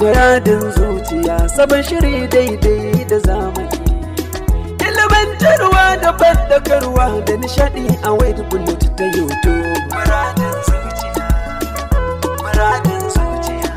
Muradin zuciya sabon shiri daidai da zamani. Ilimantarwa da bandakarwa da nishadi a wayar bullet ta YouTube. Muradin zuciya, muradin zuciya.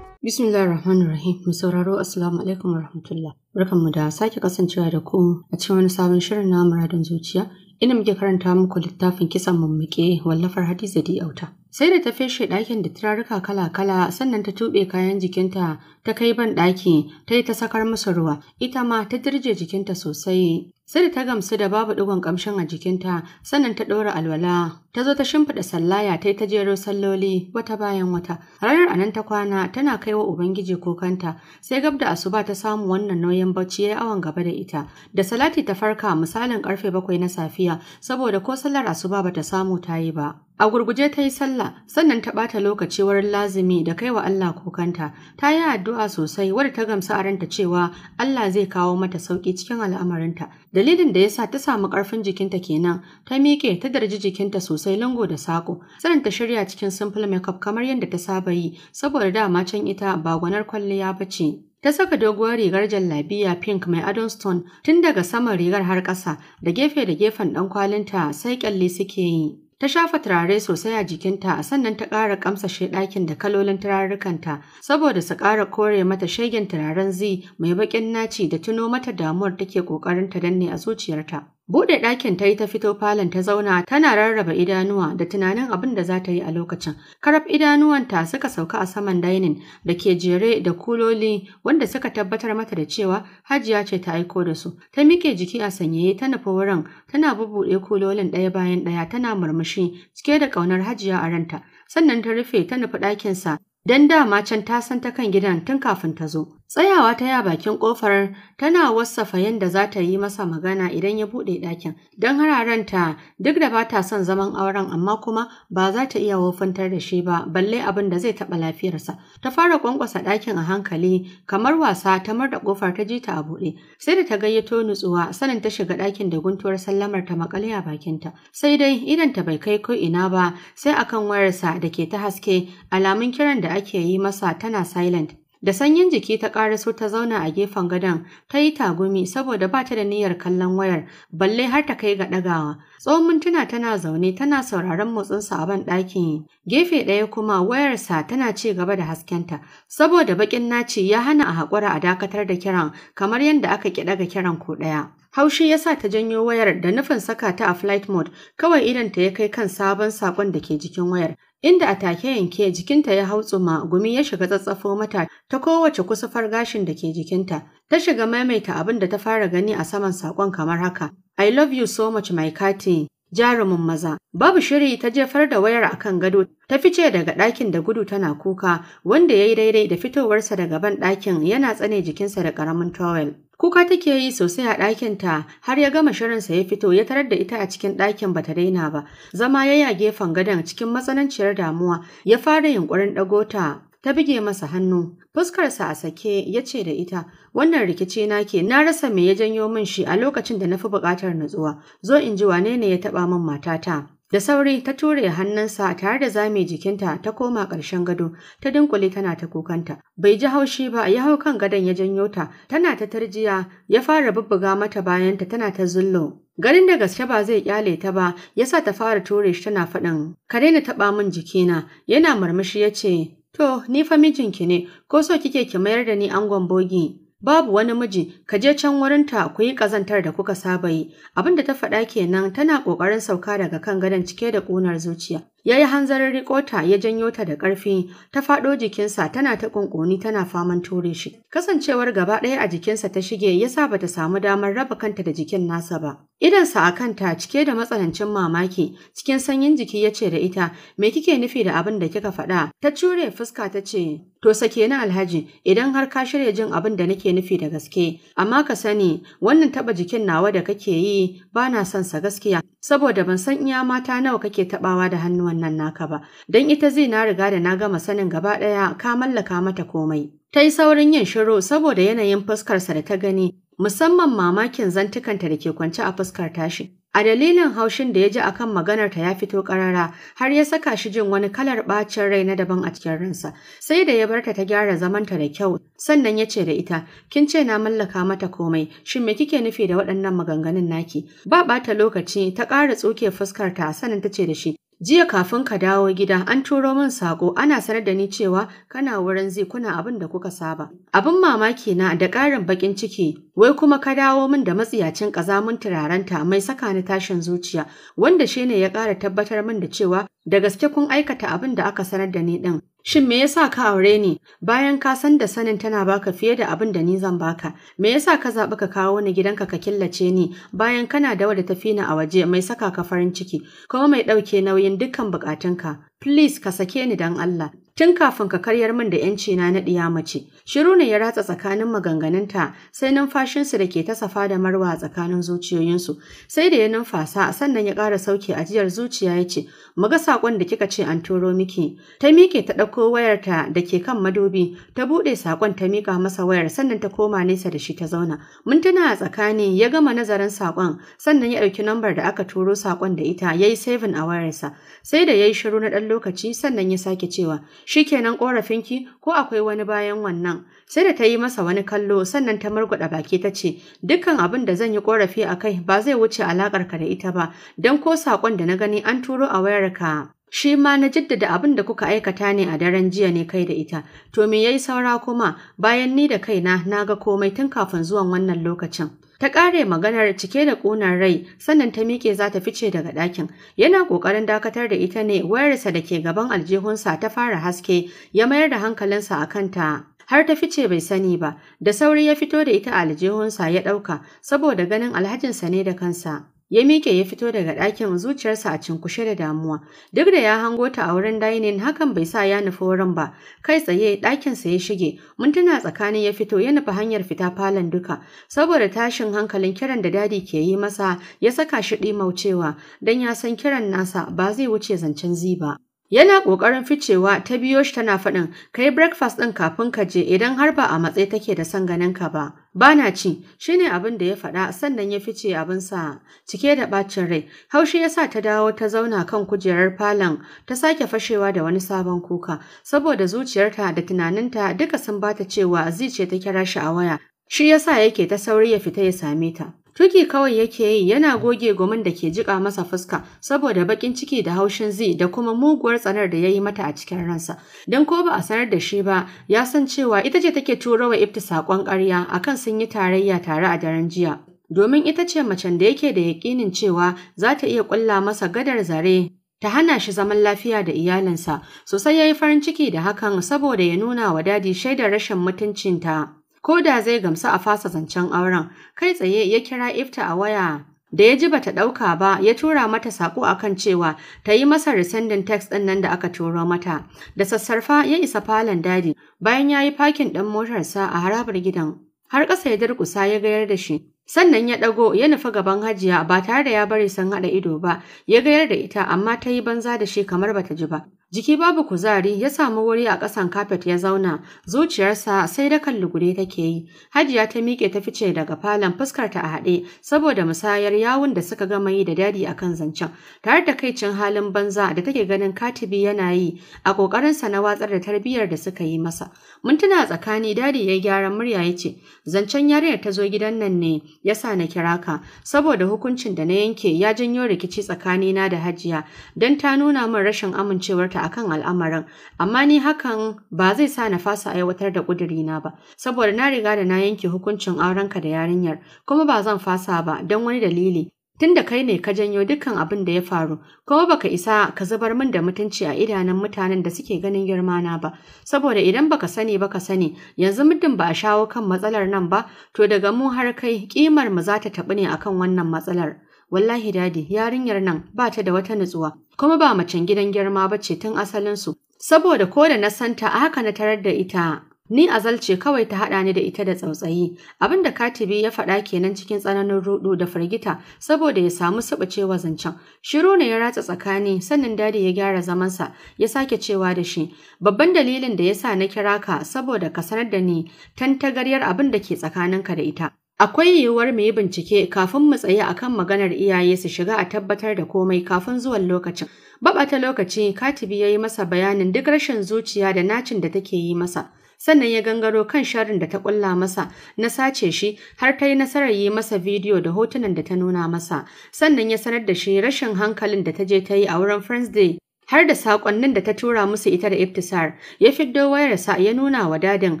Bismillah ar-Rahman rahim mu sauraro Assalamu alaikum wa rahmatullah. Barkanmu da sake kasancewa da ku a cikin wani sabon shirin na muradin zuciya. inda muke karanta muku littafin kisan mummuke wallafar Hadiza da yauta. Sai da ta feshe ɗakin da turaruka kala-kala sannan ta tuɓe kayan jikinta ta kai ban ɗaki ta yi ta sakar musu ruwa ita ma ta dirje jikinta sosai. Sai da ta gamsu da babu ɗigon ƙamshin a jikinta sannan ta ɗora alwala ta zo ta shimfiɗa sallaya ta yi ta jero salloli wata bayan wata ranar anan ta kwana tana kaiwa ubangiji kokanta sai Gabda asuba ta samu wannan nauyin bacci ya yi awon gaba da ita da salati ta farka misalin karfe bakwai na safiya saboda ko sallar asuba ba ta samu ta yi ba A gurguje ta yi sallah, sannan ta ɓata lokaci wurin lazimi da kaiwa Allah kokanta. Ta yi addu'a sosai wadda ta gamsu a ranta cewa Allah zai kawo mata sauƙi cikin al'amarinta. Dalilin da ya sa ta samu ƙarfin jikinta kenan, ta miƙe ta darji jikinta sosai. sosai lungu da sako. Sanin ta shirya cikin simple makeup kamar yadda ta saba yi saboda dama can ita ba gwanar kwalliya ba ce. Ta saka doguwar rigar jallabiya pink mai adon stone tun daga saman rigar har ƙasa da gefe da gefen ɗan kwalinta sai ƙyalle suke yi. Ta shafa turare sosai a jikinta sannan ta ƙara ƙamsashe ɗakin da kalolin turarrukanta saboda su ƙara kore mata shegen turaren zi mai baƙin naci da tuno mata damuwar take ƙoƙarin ta danne a zuciyarta. Buɗe ɗakin ta yi ta fito falon ta zauna tana rarraba idanuwa da tunanin abin da za ta yi a lokacin. Karab idanuwanta suka sauka a saman dainin da ke jere da kuloli wanda suka tabbatar mata da cewa hajiya ce ta aiko da su. Ta miƙe jiki a sanyaye ta nufi wurin tana bubuɗe kulolin ɗaya bayan ɗaya tana murmushi cike da ƙaunar hajiya a ranta. Sannan ta rufe ta nufi ɗakinsa don dama can ta san ta kan gidan tun kafin ta zo. Tsayawa ta ya bakin ƙofar tana wasafa yadda za ta yi masa magana idan ya buɗe ɗakin, don hararanta duk da ba ta son zaman auren amma kuma ba za ta iya wofantar da shi ba balle abin da zai taɓa lafiyarsa. Ta fara ƙwanƙwasa ɗakin a hankali kamar wasa ta murda kofar ta ji ta a buɗe. Sai da ta gayyato nutsuwa sanin ta shiga ɗakin da guntuwar sallamar ta makale a bakinta. Sai dai idan ta bai kai ko ina ba sai akan wayarsa da ke ta haske alamun kiran da ake yi masa tana silent Da sanyin jiki ta ƙaraso ta zauna a gefen gadon, ta yi tagumi saboda ba ta da niyyar kallon wayar, balle har ta kai ga ɗagawa. Tsohon mintuna tana zaune tana sauraron motsinsa a ban ɗakin. Gefe ɗaya kuma wayarsa tana ci gaba da haskenta, saboda baƙin naci ya hana a haƙura a dakatar da kiran kamar yadda aka ƙi ɗaga kiran ko ɗaya. Haushi ya sa ta janyo wayar da nufin saka ta a flight mode, kawai idan ta ya kai kan sabon saƙon da ke jikin wayar. inda a take yanke jikinta ya hau tsuma gumi ya shiga tsatsafo mata ta kowace kusufar gashin da ke jikinta ta shiga maimaita abin da ta fara gani a saman sakon kamar haka I love you so much my kati, jarumin maza babu shiri ta jefar da wayar a kan gado ta fice daga ɗakin da gudu tana kuka wanda ya yi daidai da fitowarsa daga ban ɗakin yana tsane jikinsa da ƙaramin towel Kuka take yi sosai a ɗakinta har ya gama shirinsa ya fito ya tarar da ita a cikin ɗakin bata daina ba. Zama ya ya gefen gadon cikin matsananciyar damuwa ya fara yunƙurin ɗago ta ta buge masa hannu. Fuskarsa a sake ya ce da ita, wannan rikici na ke na rasa me ya janyo min shi a lokacin da na fi buƙatar nutsuwa. Zo in ji wane ne ya taɓa min matata. Da sauri ta ture hannunsa tare da zame jikinta ta koma ƙarshen gado, ta dunkule tana ta kukanta. Bai ji haushi ba, ya hau kan gadon ya janyo ta, tana ta tarjiya, ya fara bubbuga mata bayanta tana ta zullo. Garin da gaske ba zai kyale ta ba, ya sa ta fara ture shi tana faɗin, "Ka daina taɓa min jikina." Yana murmushi ya ce, "To, ni fa mijinki ne, ko so kike ki mayar da ni angon bogi?" Babu wani miji, ka je can wurinta ku yi ƙazantar da kuka saba yi. abinda ta faɗa kenan tana ƙoƙarin sauka daga kan gadon cike da ƙunar zuciya. Ya yi hanzarin rikota, ya janyo ta da ƙarfi, ta faɗo jikinsa tana ta ƙunƙuni tana faman ture shi. Kasancewar gaba ɗaya a jikinsa ta shige ya sa bata samu damar raba kanta da jikin nasa ba. Idansa a kanta cike da matsanancin mamaki, cikin sanyin jiki ya ce da ita, me kike nufi da abin da kika faɗa? Ta cure fuska ta ce, To sake na alhaji idan har ka shirya jin abin da nake nufi da gaske, amma ka sani wannan taɓa jikin nawa da kake yi ba na son sa gaskiya, saboda ban san iya mata nawa kake taɓawa da hannuwa wannan naka ba, don ita zai na riga da na gama sanin gaba ɗaya ka mallaka mata komai. Ta yi saurin yin shiru saboda yanayin fuskarsa da ta gani, musamman mamakin zantukanta da ke kwance a fuskar tashi. A dalilin haushin da ya ji akan ta ya fito ƙarara har ya saka shi jin wani kalar ɓacin rai na daban a cikin ransa, sai da ya barta ta gyara zamanta da kyau, sannan ya ce da ita, kin ce na mallaka mata komai, shin me kike nufi da waɗannan maganganun naki? Ba ɓata lokaci ta ƙara tsoke fuskarta sanin ta ce da shi, Jiya kafin ka dawo gida an turo min sako ana sanar da ni cewa kana wurin zai kuna abin da kuka saba. Abin mamaki na da ƙarin baƙin ciki wai kuma ka dawo min da matsiyacin ƙazamin turarenta mai saka ni tashin zuciya wanda shi ne ya ƙara tabbatar min da cewa da gaske kun aikata abin da aka sanar da ni ɗin. Shin me yasa ka aure ni bayan ka san da sanin tana baka fiye da abin da ni zan baka? Me yasa ka zaɓi ka kawo ni gidanka ka killace ni bayan kana da wadda tafi ni a waje mai saka ka farin ciki kuma mai ɗauke nauyin dukkan buƙatunka? Please ka sake ni don Allah. Tun kafin ka karyar min da ‘yanci na na mace, shiru ne ya ratsa tsakanin maganganunta sai numfashinsu da ke ta safa da marwa a tsakanin zuciyoyinsu, sai da ya numfasa sannan ya ƙara sauke ajiyar zuciya ya ce, mu ga saƙon da kika ce an turo miki. Ta miƙe ta ɗauko wayarta da ke kan madubi, ta buɗe saƙon ta miƙa masa wayar sannan ta koma nesa da shi ta zauna. Mun tuna a tsakani ya gama nazarin saƙon sannan ya ɗauki lambar da aka turo saƙon da ita ya yi saving a wayarsa. Sai da ya yi shiru na ɗan lokaci sannan ya sake cewa Shi kenan ƙorafinki ko akwai wani bayan wannan. Sai da ta yi masa wani kallo sannan ta murguɗa baki ta ce, Dukkan abin da zan yi korafi a kai ba zai wuce ka da ita ba, don ko saƙon da na gani an turo a wayar ka shi ma na jaddada abin da kuka aikata ne a daren jiya ne kai da ita to me yayi saura kuma bayan ni da kaina na ga komai tun kafin zuwan wannan lokacin Ta kare maganar cike da ƙunar rai sannan ta miƙe za ta fice daga ɗakin. Yana ƙoƙarin dakatar da ita ne wayarsa da ke gaban aljihunsa ta fara haske ya mayar da hankalinsa a kanta. Har ta fice bai sani ba, da sauri ya fito da ita aljihunsa ya ɗauka saboda ganin alhajinsa ne da kansa. Ya miƙe ya fito daga ɗakin zuciyarsa a cinkushe da damuwa. Duk da ya hango ta a wurin dainin hakan bai sa ya nufi wurin ba. Kai tsaye ɗakinsa ya shige. Mintuna tsakanin ya fito ya nufi hanyar fita falon duka. Saboda tashin hankalin kiran da dadi ke yi masa ya saka shi ɗimaucewa don ya san kiran nasa ba zai wuce zancen ziba. Yana ƙoƙarin ficewa ta biyo shi tana faɗin, kai breakfast ɗin kafin ka je idan har ba a matsayi take da son ganin ka ba. Ba ci, shi ne abin da ya faɗa sannan ya fice abin sa. cike da ɓacin rai. Haushi ya sa ta dawo ta zauna kan kujerar falon ta sake fashewa da wani sabon kuka, saboda zuciyarta da tunaninta duka sun bata cewa zai ce ta kira shi a waya. Shi ya sa yake ta sauri ya fita ya same ta. Tuki kawai yake yi yana goge gomin da ke jika masa fuska saboda baƙin ciki da haushin zi da kuma muguwar tsanar da ya yi mata a cikin ransa. Don ko ba a sanar da shi ba, ya san cewa ita ce take turo wa Ifti saƙon ƙarya akan sun yi tarayya tare a daren jiya. Domin ita ce macen da yake da yaƙinin cewa za ta iya ƙulla masa gadar zare ta hana shi zaman lafiya da iyalinsa, sosai ya yi farin ciki da hakan saboda ya nuna wa dadi shaidar rashin mutuncinta. ko da zai gamsu a fasa zancen auren kai tsaye ya kira ifta a waya da ya ji bata ɗauka ba ya tura mata sako kan cewa ta yi masa resending text ɗin nan da aka turo mata da sassarfa ya isa falon dadi bayan ya yi fakin ɗan motarsa a harabar gidan har ƙasa ya durƙusa ya gayar da shi sannan ya ɗago ya nufi gaban hajiya ba tare da ya bari sun haɗa ido ba ya gayar da ita amma ta yi banza da shi kamar bata ji ba Jiki babu kuzari ya samu wuri a ƙasan kafet ya zauna, zuciyarsa sai da kan lugure take yi. Hajiya ta miƙe ta fice daga falon fuskarta a haɗe saboda musayar yawun da suka gama yi da dadi a kan zancen. Tare da kaicin halin banza da take ganin katibi yana yi a ƙoƙarinsa na watsar da tarbiyyar da suka yi masa. Mintuna tsakani dadi ya gyara murya ya ce, "Zancen yarinyar ta zo gidan nan ne ya sa na kira ka saboda hukuncin da na yanke ya janyo rikici tsakanina da Hajiya don ta nuna min rashin amincewarta akan al'amarin amma ni hakan ba zai sa na fasa aiwatar da ƙudurina ba saboda na riga da na yanke hukuncin aurenka da yarinyar kuma ba zan fasa ba don wani dalili tunda kai ne ka janyo dukkan abin da ya faru kuma baka isa ka zubar min da mutunci a idanun mutanen da suke ganin girma na ba saboda idan baka sani baka sani yanzu muddin ba a shawo kan matsalar nan ba to daga mu har kai kimar mu za ta tabi ne akan wannan matsalar Wallahi dadi yarinyar nan ba ta da wata nutsuwa kuma ba macen gidan girma ba ce tun asalinsu. Saboda ko da na santa a haka na tarar da ita Ni azalce kawai ta haɗa ni da ita da tsautsayi, abin da katibi ya faɗa kenan cikin tsananin ruɗu da firgita saboda ya samu saɓacewa zancen. Shiru ne ya ratsa tsakani sannan dadi ya gyara zamansa ya sake cewa da shi, babban dalilin da ya sa na kira ka saboda ka sanar da ni tantagaryar abin da ke tsakaninka da ita. Akwai yiwuwar mu yi bincike kafin mu tsaye akan maganar iyaye su shiga a tabbatar da komai kafin zuwan lokacin. Baɓata lokaci katibi ya yi masa bayanin duk rashin zuciya da nacin da take yi masa. Sannan ya gangaro kan sharin da ta ƙulla masa na sace shi har ta yi nasarar yi masa bidiyo da hotunan da ta nuna masa. Sannan ya sanar da shi rashin hankalin da ta je ta yi a wurin Friends Day har da sakonnin da ta tura musu ita da iftisar ya fiddo wayarsa ya nuna wa dadin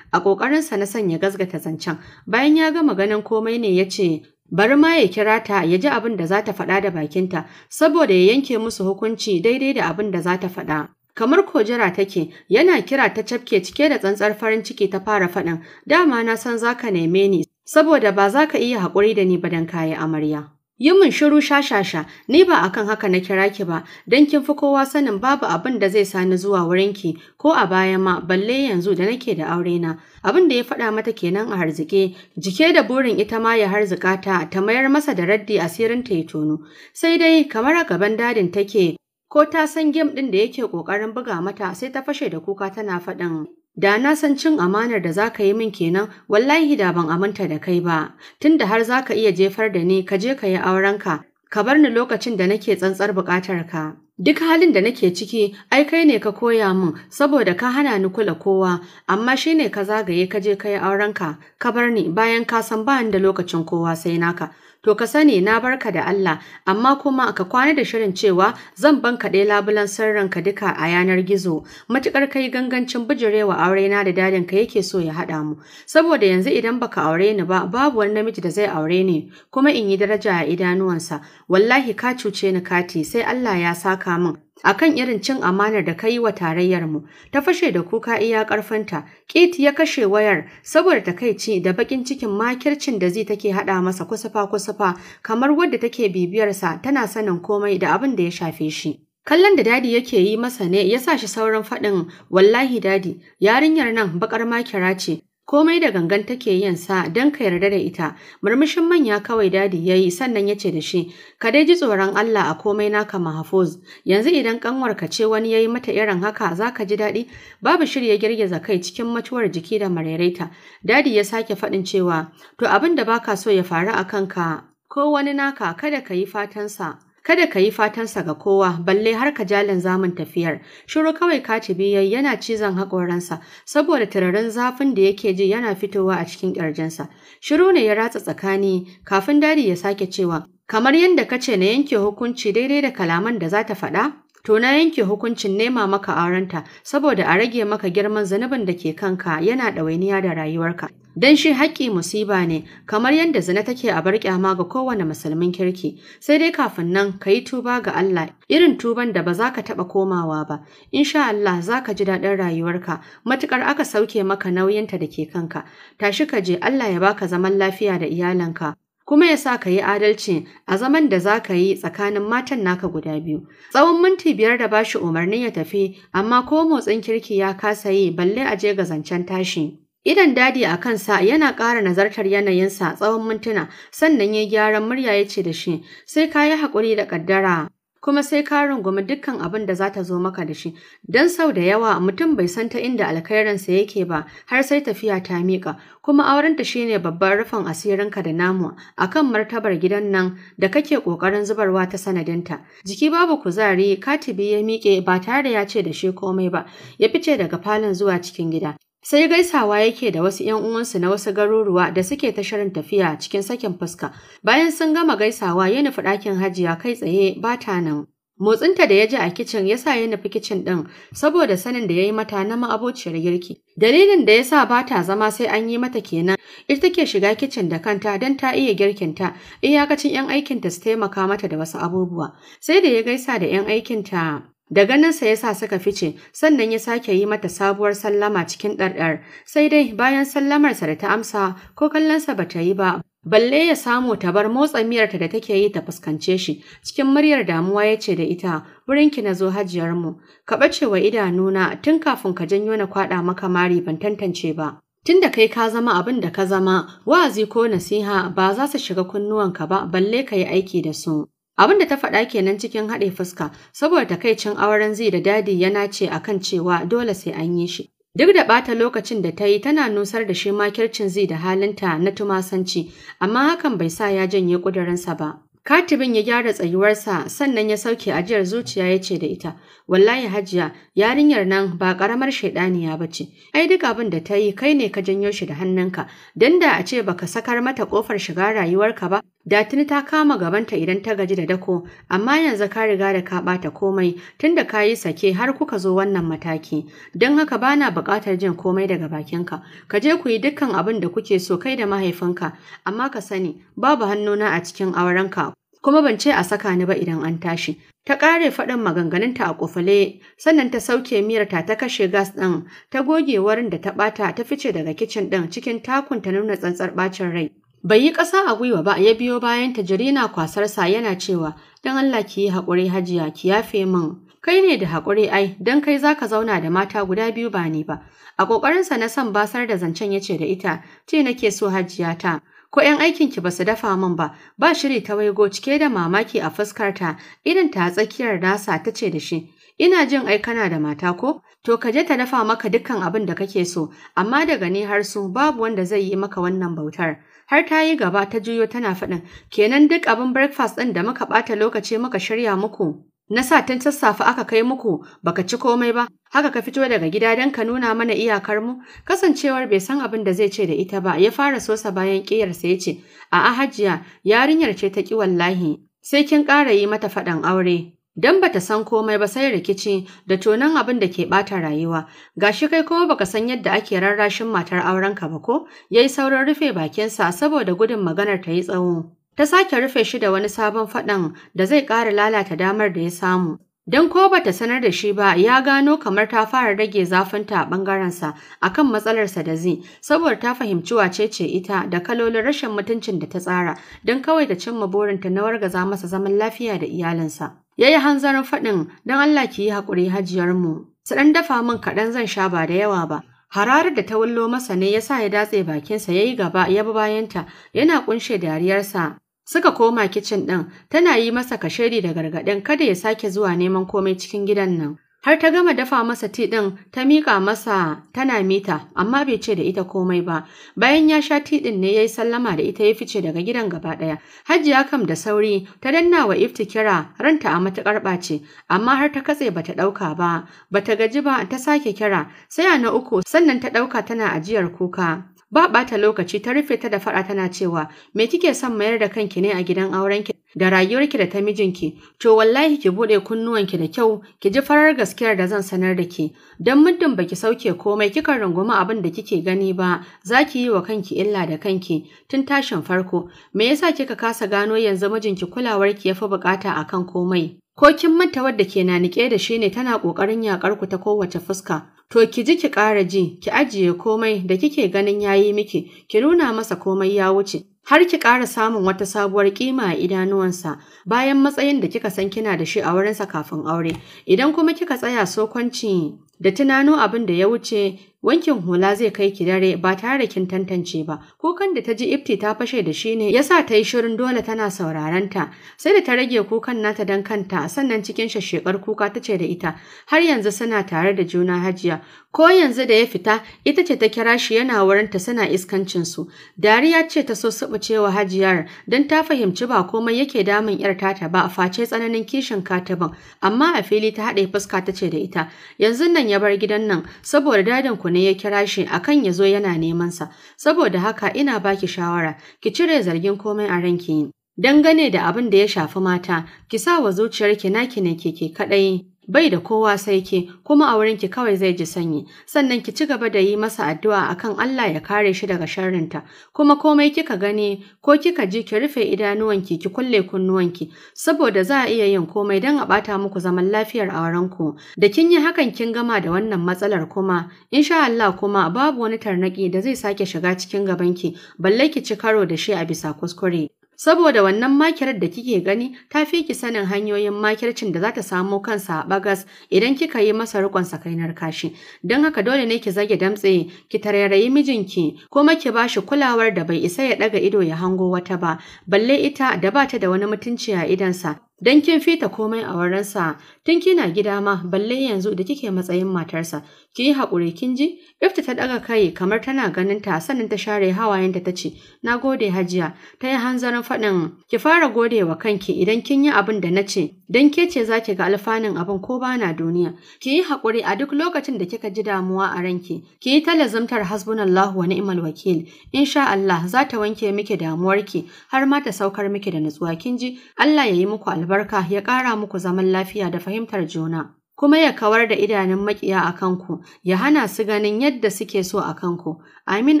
a ƙoƙarinsa na sanya gasgata zancen bayan ya gama ganin komai ne ya ce bari ma ya kira ta ya ji abin da za ta faɗa da bakinta saboda ya yanke musu hukunci daidai da abin da za ta faɗa kamar kojira take yana kira ta cafke cike da tsantsar farin ciki ta fara faɗin dama na san za ka neme ni saboda ba za ka iya haƙuri da ni ba don kayi amarya Yi mun shiru shashasha, ni ba a kan haka na kira ki ba, don kin fi kowa sanin babu abin da zai sani zuwa wurin ki, ko a baya ma balle yanzu da nake da aure na. Abin da ya faɗa mata kenan a harzike, jike da burin ita ma ya harzika ta ta mayar masa da raddi asirin ta ya tono. Sai dai kamar a gaban dadin take ko ta san gem ɗin da yake ƙoƙarin buga mata sai ta fashe da kuka tana faɗin Da na san cin amanar da za ka yi min kenan wallahi da ban aminta da kai ba, tunda har za ka iya jefar da ni ka je ka yi aurenka, ka bar ni lokacin da nake tsantsar buƙatar ka. Duk halin da nake ciki, ai kai ne ka koya min saboda ka hana ni kula kowa, amma shi ne ka zagaye ka je ka yi aurenka, ka bar ni bayan ka san ba da lokacin kowa sai naka. To ka sani na barka da Allah, amma kuma ka kwana da shirin cewa zan ban bankaɗe labulan ka duka a yanar gizo, matuƙar kai gangancin bijirewa aure na da dadin ka yake so ya haɗa mu. Saboda yanzu idan baka aure ni ba, babu wani namiji da zai aure ni, kuma in yi daraja a idanuwansa. Wallahi ka cuce ni kati, sai Allah ya saka min. akan irin cin amanar da ka yi wa tarayyar mu ta fashe da kuka iya karfanta kit ya kashe wayar saboda ta takaici da bakin cikin makircin da zai take hada masa kusufa kusufa kamar wadda take bibiyarsa tana sanin komai da abin da ya shafe shi Kallon da dadi yake yi masa ne ya sa shi sauran faɗin wallahi dadi yarinyar nan baƙar makira ce Komai da gangan take yin sa don ka yarda da ita, murmushin manya kawai dadi ya yi sannan ya ce da shi, ka dai ji tsoron Allah a komai naka mahafuz, yanzu idan ka ce wani ya yi mata irin haka za ka ji daɗi, babu shirya girgiza kai cikin matuwar jiki da mareraita. Dadi ya sake faɗin cewa, to abin da baka so ya faru a kanka ko wani naka kada ka yi fatansa. kada ka yi fatansa ga kowa balle har ka jalin zamun tafiyar shiru kawai kaci biyar yana cizon haƙoransa saboda turarin zafin da yake ji yana fitowa a cikin ƙirjinsa shiru ne ya ratsa tsakani kafin dadi ya sake cewa kamar yadda ka ce na yanke hukunci daidai da kalaman da za ta faɗa to na yanke hukuncin nema maka aurenta saboda a rage maka girman zunubin da ke kanka yana ɗawainiya da rayuwarka don shi haƙƙi musiba ne kamar yadda zina take a bar ƙyama ga kowane musulmin kirki sai dai kafin nan ka yi tuba ga Allah irin tuban da ba za ka taɓa komawa ba insha Allah za ka ji daɗin rayuwarka matuƙar aka sauke maka nauyinta da ke kanka tashi ka je Allah ya baka zaman lafiya da iyalanka kuma ya sa ka yi adalci a zaman da za ka yi tsakanin matan naka guda biyu. Tsawon minti biyar da bashi umarnin ya tafi, amma ko motsin kirki ya kasa yi balle a je ga zancen tashi. Idan dadi a kansa yana ƙara nazartar yanayinsa tsawon mintuna sannan ya gyaran murya ya ce da shi sai ka yi haƙuri da ƙaddara kuma sai ka rungumi dukkan abin da za ta zo maka da shi don sau da yawa mutum bai san ta inda alkhairinsa yake ba har sai tafiya ta miƙa kuma aurenta shi ne babban rufin asirinka da namu a kan martabar gidan nan da kake ƙoƙarin zubarwa ta sanadinta jiki babu kuzari katibi ya miƙe ba tare ya ce da shi komai ba ya fice daga falon zuwa cikin gida Sai gaisawa yake da wasu ‘yan uwansu na wasu garuruwa da suke ta shirin tafiya cikin sakin fuska. Bayan sun gama gaisawa ya nufi ɗakin hajiya kai tsaye ba ta nan. Motsinta da ya ji a kicin ya sa ya nufi kicin ɗin saboda sanin da ya yi mata na ma'abociyar girki. Dalilin da ya sa ba ta zama sai an yi mata kenan, ita take shiga kicin da kanta don ta iya girkinta, iyakacin ‘yan aikinta su taimaka mata da wasu abubuwa. Sai da ya gaisa da ‘yan aikinta Da ganinsa ya sa suka fice, sannan ya sake yi mata sabuwar sallama cikin ɗarɗar, sai dai bayan sallamarsa da ta amsa ko kallonsa ba ta yi ba. Balle ya samu ta bar motsa miyarta da take yi ta fuskance shi, cikin muryar damuwa ya ce da ita, wurinki na zo hajiyarmu, ka ɓace wa idanuna tun kafin ka janyo na kwaɗa maka mari ban tantance ba. Tun da kai ka zama abin da ka zama, wa'azi ko nasiha ba za su shiga kunnuwanka ba balle ka yi aiki da su. Abin da ta faɗa kenan cikin haɗe fuska saboda takaicin auren zai da dadi yana ce a kan cewa dole sai an yi shi. Duk da ɓata lokacin da ta yi tana nusar da shi makircin zai da halinta na tumasanci, amma hakan bai sa ya janye ƙudurinsa ba. Katibin ya gyara tsayuwarsa sannan ya sauke ajiyar zuciya ya ce da ita, Wallahi hajiya, yarinyar nan ba ƙaramar shaiɗaniya ba ce, ai duk abin da ta yi kai ne ka janyo shi da hannunka, don da a ce baka sakar mata ƙofar shiga rayuwarka ba, Da tuni ta kama gabanta idan ta gaji da dako, amma yanzu ka riga da ka ɓata komai tun da ka yi sake har kuka zo wannan mataki. Don haka bana buƙatar jin komai daga bakinka. Ka je ku yi dukkan abin da kuke so kai da mahaifinka, amma ka sani babu hannuna a cikin aurenka. Kuma ban ce a saka ni ba idan an tashi. Ta ƙare faɗin maganganunta a kufule, sannan ta sauke mirata ta kashe gas ɗin, ta goge warin da ta ɓata ta fice daga kicin ɗin cikin takun ta nuna tsantsar ɓacin rai. Bai yi ƙasa a gwiwa ba ya biyo bayan ta jirina kwasarsa yana cewa don Allah ki yi haƙuri hajiya ki yafe min. Kai ne da haƙuri ai don kai za ka zauna da mata guda biyu ba ni ba. A ƙoƙarinsa na son basar da zancen ya ce da ita ce nake so hajiya ta. Ko ‘yan aikinki ba su dafa min ba, ba shiri ta waigo cike da mamaki a fuskarta irin ta tsakiyar nasa ta ce da shi. Ina jin ai kana da mata ko? To ka je ta dafa maka dukkan abin da kake so, amma daga ni har su babu wanda zai yi maka wannan bautar. har ta yi gaba ta juyo tana faɗin kenan duk abin breakfast ɗin da muka ɓata lokaci muka shirya muku na sa tun sassafe aka kai muku baka ci komai ba haka ka fito daga gida don ka nuna mana iyakar mu kasancewar bai san abin da zai ce da ita ba ya fara sosa bayan ƙiyarsa ya ce a'a hajiya yarinyar ce ta ƙi wallahi sai kin ƙara yi mata faɗan aure Don ba ta san komai ba sai rikici da tonon abin da ke ɓata rayuwa, ga shi kai kuma baka san yadda ake rarrashin matar aurenka ba ko, yayi saurin rufe bakinsa saboda gudun maganar ta yi tsawo. Ta sake rufe shi da wani sabon faɗan da zai ƙara lalata damar da ya samu. Don ko ba ta sanar da shi ba ya gano kamar ta fara rage zafin ta a ɓangarensa a kan matsalarsa da zi, saboda ta fahimci wace ce ita da kalolin rashin mutuncin da ta tsara don kawai ta cimma burinta na wargaza masa zaman lafiya da iyalinsa. Ya yi hanzarin faɗin don Allah ki yi haƙuri hajiyarmu. Su ɗan dafa min kaɗan zan sha ba da yawa ba. Hararar da ta wullo masa ne ya sa ya datse bakinsa ya yi gaba ya bi bayanta yana ƙunshe dariyarsa. Suka koma kicin ɗin tana yi masa kashedi da gargaɗin kada ya sake zuwa neman komai cikin gidan nan. Har ta gama dafa masa ti ɗin ta miƙa masa tana mita, amma bai ce da ita komai ba. Bayan ya sha ti ɗin ne ya yi sallama da ita ya fice daga gidan gaba ɗaya. Hajiya kam da sauri ta danna wa ifti kira ranta a matuƙar ɓace, amma har ta katse bata ɗauka ba, bata gaji ba ta sake kira, sai a na uku sannan ta ɗauka tana ajiyar kuka. Ba ɓata lokaci ta rufe ta da faɗa tana cewa, me kike son mayar da kanki ne a gidan aurenki da rayuwarki da ta mijinki, to wallahi ki buɗe kunnuwanki da kyau, ki ji farar gaskiyar da zan sanar da ke, don muddin baki sauke komai kika rungumi abin da kike gani ba, za ki yi wa kanki illa da kanki tun tashin farko, me yasa kika kasa gano yanzu mijinki kulawarki ya fi bukata akan komai? Ko kin manta wadda ke na nike da shi ne tana ƙoƙarin yaƙar ku ta kowace fuska, to ki ji ki ƙara ji, ki ajiye komai da kike ganin yayi miki, ki nuna masa komai ya wuce, har ki ƙara samun wata sabuwar ƙima a idanuwansa bayan matsayin da kika san kina da shi a wurinsa kafin aure idan kuma kika tsaya sokwanci da tunano abin da ya wuce Wankin hula zai kai ki dare ba tare da kin tantance ba. Kukan da ta ji ifti ta fashe da shi ne yasa ta yi shirin dole tana sauraron ta. Sai da ta rage kukan nata dan kanta sannan cikin shashekar kuka ta ce da ita har yanzu suna tare da juna hajiya. Ko yanzu da ya fita ita ce ta kira shi yana wurin ta suna iskancin su. Dariya ce ta so cewa hajiyar don ta fahimci ba komai yake damun yar tata ba face tsananin kishin kataban amma a fili ta haɗe fuska ta ce da ita yanzu nan ya bar gidan nan saboda dadin ku ne ya kira shi akan ya zo yana neman sa. Saboda haka ina baki shawara, ki cire zargin komai a ranki. Dangane da abin da ya shafi mata, ki sa wa zuciyarki naki ne ke ke kaɗai bai da kowa sai ke kuma a wurinki kawai zai ji sanyi sannan ki ci gaba da yi masa addu'a akan Allah ya kare shi daga sharrinta kuma komai kika gani ko kika ji ki rufe idanuwanki ki kulle kunnuwanki saboda za a iya yin komai don a bata muku zaman lafiyar aurenku da kin yi hakan kin gama da wannan matsalar kuma insha Allah kuma babu wani tarnaki da zai sake shiga cikin gabanki balle ki ci karo da shi a bisa kuskure saboda wannan makirar da kike gani ta fi ki sanin hanyoyin makircin da za ta samo kansa a bagas idan kika yi masa rikon sakainar kashi don haka dole ne ki zage damtse ki tarairayi mijinki kuma ki bashi kulawar da bai isa ya daga ido ya hango wata ba balle ita da ba ta da wani mutunci a idansa don kin fita komai a wurinsa tun kina gida ma balle yanzu da kike matsayin matarsa ki yi haƙuri kin ji ifta ta ɗaga kai kamar tana ganin ta sannan ta share hawayenta ta ce na gode hajiya ta yi hanzarin faɗin ki fara gode wa kanki idan kin yi abin da na ce don ke ce za ki ga alfanun abin ko ba na duniya ki yi haƙuri a duk lokacin da kika ji damuwa a ranki ki yi ta lazumtar hasbunallahu wa ni'mal wakil insha Allah za ta wanke miki damuwarki har ma ta saukar miki da nutsuwa kin ji Allah ya yi muku albarka albarka ya ƙara muku zaman lafiya da fahimtar juna. Kuma ya kawar da idanun maƙiya a kanku, ya hana su ganin yadda suke so a kanku. Amin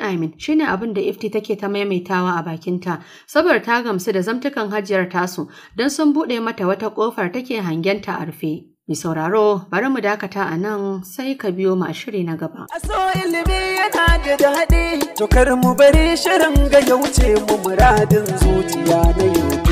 amin ne abin da ifti take ta maimaitawa a bakinta, saboda ta gamsu da zamtukan hajiyar tasu don sun buɗe mata wata ƙofar take hangenta a rufe. Mi sauraro bari mu dakata a nan sai ka biyo mu a shiri na gaba. A so ilimi yana da daɗi, to kar mu bari shirin ga yauce mu muradin zuciya na yau.